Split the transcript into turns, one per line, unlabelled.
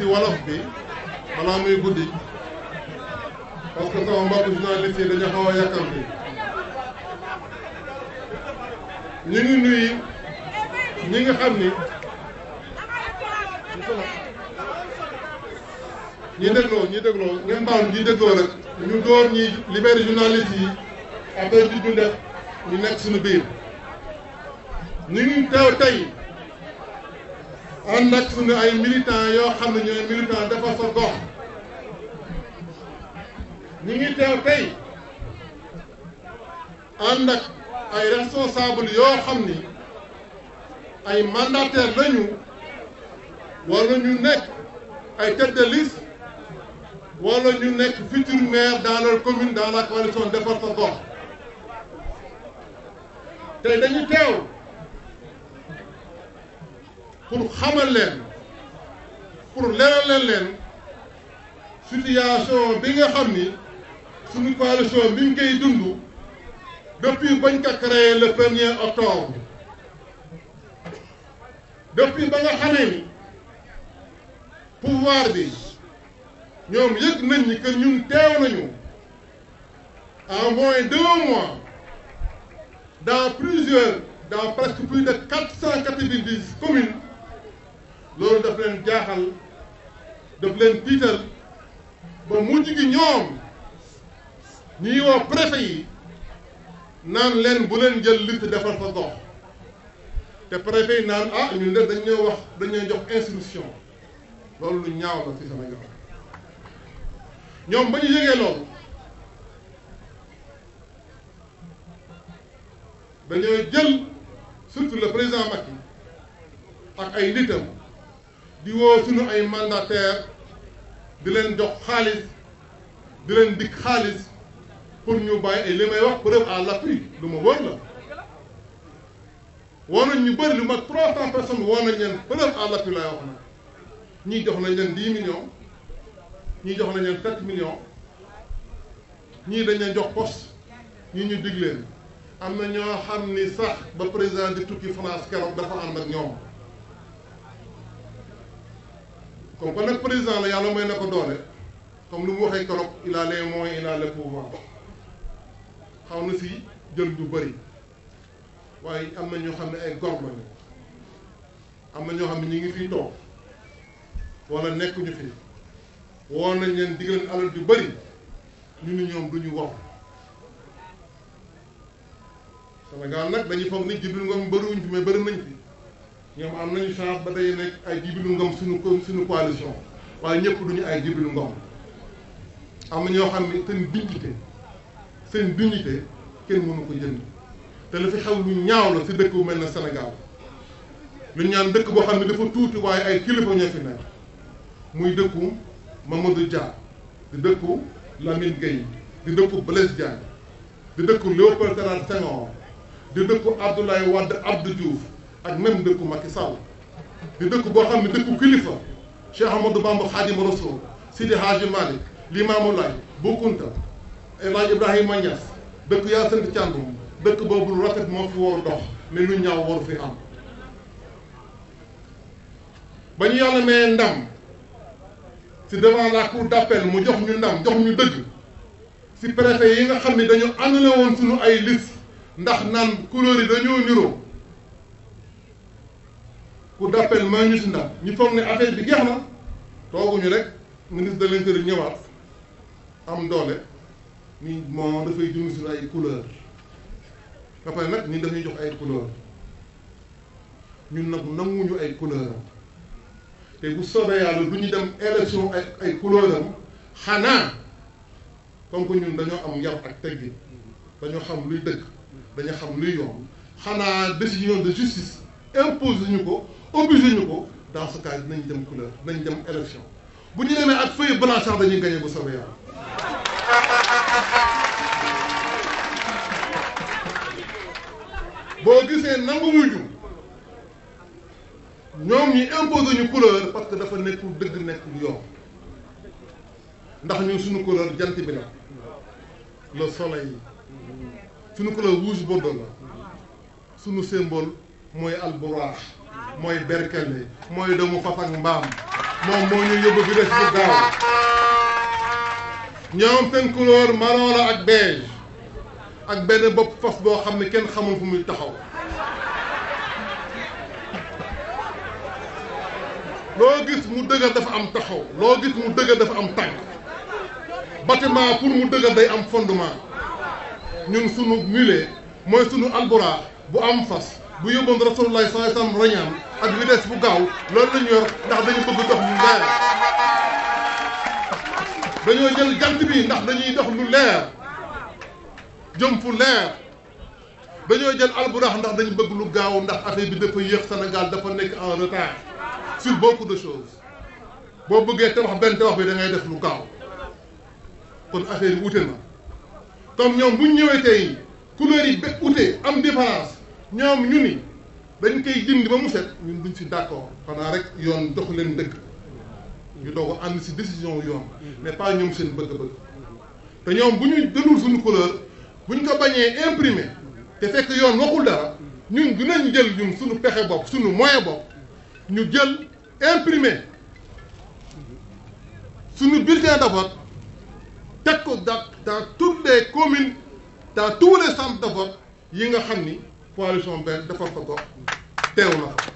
ci bi balaa muy guddi parce que sama mbokk journaliste yi dañu xaw a yàkkamti ñu ngi nuyu ñi ngi xam ni ñi dégloo ñi dégloo ngeen baal ñi dégloo nag ñu door ñi libéré journaliste yi affaire bi ñu ñu nekk suñu biir ñu ngi tey ànd ak suñu ay militant yoo xam ne ñooy militant defar sa gox ñu ngi teew tey ànd ak ay responsable yoo xam ni ay mandataire lañu wala ñu nekk ay tête de liste ñu nekk futur maire dans leur commune dans la coalition defar sa gox te dañu teew pour xamal leen pour leeral leen leen situation bi nga xam ni suñu coalition bi ñu koy dund depuis bañ ko le premier octobre depuis ba nga xamee ni pouvoir bi ñoom yëg nañ ni que ñun teew nañu en moins deux mois dans plusieurs dans presque plus de quatre cent quatre-vingt-dix communes loolu daf leen jaaxal daf leen tiital ba mujj gi ñoom ñuy woo préfet yi naan leen bu leen jël lutte defar sa gox te préfet yi naan ah ñun de dañ ñoo wax dañ ñoo jox instruction loolu lu ñaaw la ci sama yoon ñoom ba ñu yëgee loolu dañoo jël surtout le président Macky ak ay nitam. di woo suñu ay mandataire di leen jox xaalis di leen dikk xaalis pour ñu bàyyi li may wax preuve à l'appui lu ma wër la woo nañ ñu bëri lu ma trois cent personnes woo nañ leen preuve à l'appui wax na ñii jox nañ leen dix millions ñii jox nañ leen sept million ñii dañ leen jox poste ñii ñu dig am na ñoo xam ni sax ba président di tukki France keroog dafa ànd ak ñoom comme que nag président la yàlla may na ko doole comme lu mu waxee keroog il a les moyens il a le xaw na si jël lu bëri waaye am na ñoo xam ne ay góor lañu am na ñoo xam ne ñu ngi fiy toog wala nekkuñu fi woon nañ leen digal alal ju bëri ñu ni ñoom du ñu wax Sénégal nag dañuy foog ni Djibril Ngom bëriwuñ fi mais bëri nañ fi. ñoom am nañu chance ba day nekk ay jibilu ngom suñu suñu coalition waaye ñëpp duñu ay jibilu ngom am na ñoo xam ne seen dignité seen dignité kenn mënu ko jënd te la fi xew lu ñaaw la si dëkk bu mel ne Sénégal lu ñaan dëkk boo xam ne dafa tuuti waaye ay kilifa ñoo fi nekk muy dëkku Mamadou Dia di dëkku Lamine Gueye di dëkku Blaise Diagne di dëkku Léopold Sédar Senghor di dëkku Abdoulaye Wade Abdou Diouf ak même dëkku Macky Sall di dëkk boo xam ne dëkku kilifa Cheikh Amadou Bamba Khadim Rasoul Sidi Hadji Malick Limamou Laye Boukounta El Hadj Ibrahima Niass dëkk Yacine Thiandoum dëkk boobu lu rafet moo fi war dox mais lu ñaaw waru fi am ba ñu yàlla mayee ndam ci devant la mu jox ñu ndam jox ñu dëgg ci préfet yi nga xam ni dañu annulé woon ay liste ndax naan couleur yi dañoo niroo cour d'appel may ñu si ndam ñu foog ne affaire bi geex na tooguñu rek ministre de l'intérieur ñëwaat am doole ni moo dafay jund suñu ay couleur ba pare nag nii dañuy jox ay couleur ñun nag nanguñu ay couleur te bu soobee yàlla du ñu dem élection ay ay couleur am xanaa comme que ñun dañoo am yar ak teggin dañoo xam luy dëgg dañoo xam luy yoon xanaa décision de justice impose ñu ko obligé ñu ko dans ce cas dem couleur bu ñu demee ak feuille blanche sax dañuy gagné bu soobee boo gisee nanguwuñu ñoom ñu imposé ñu couleur parce que dafa nekkul dëgg nekkul yoon ndax ñun suñu couleur jant bi la le soleil suñu couleur rouge bordeaux la suñu symbole. mooy alburaax mooy berkelle mooy doomu fas ak mbaam moom moo ñu yóbbu bi des bu gaaw ñoom seen couleur ak beige ak benn bopp fas boo xam ne kenn xamul fu muy taxaw loo gis mu dëgër dafa am taxaw loo gis mu dëgër dafa am tànk bâtiment pour mu dëgër day am fondement ñun sunu mulet mooy sunu alburaax bu am fas bu yóbboon rasulullah sallallahu alayhi wasallam rañaan ak vitesse bu gaaw loolu la ñu ndax dañu bëgg dox lu leer dañoo jël jant bi ndax dañuy dox lu leer jëm fu leer dañoo jël alburax ndax dañu bëgg lu gaaw ndax affaire bi dafa yéex Sénégal dafa nekk en retard sur beaucoup de choses boo bëggee tabax benn tabax bi da def lu gaaw kon affaire bi wute na comme ñoom bu ñëwee tey couleur yi be wute am différence. ñoom ñu ni dañ koy dindi ba mu set ñun duñ si d'accord xanaa rek yoon dox leen dëkk ñu doog a ànd si décision yoon mais pas ñoom seen bëgg-bëgg te ñoom bu ñu dënul suñu couleur bu ñu ko bañee imprimé te fekk yoon waxul dara ñun dinañ jël ñun suñu pexe bopp suñu moyen bopp ñu jël imprimé suñu bulletin de vote teg ko dans dans toutes les communes dans tous les centres de vote yi nga xam ni coalition benn defar ko ko teew na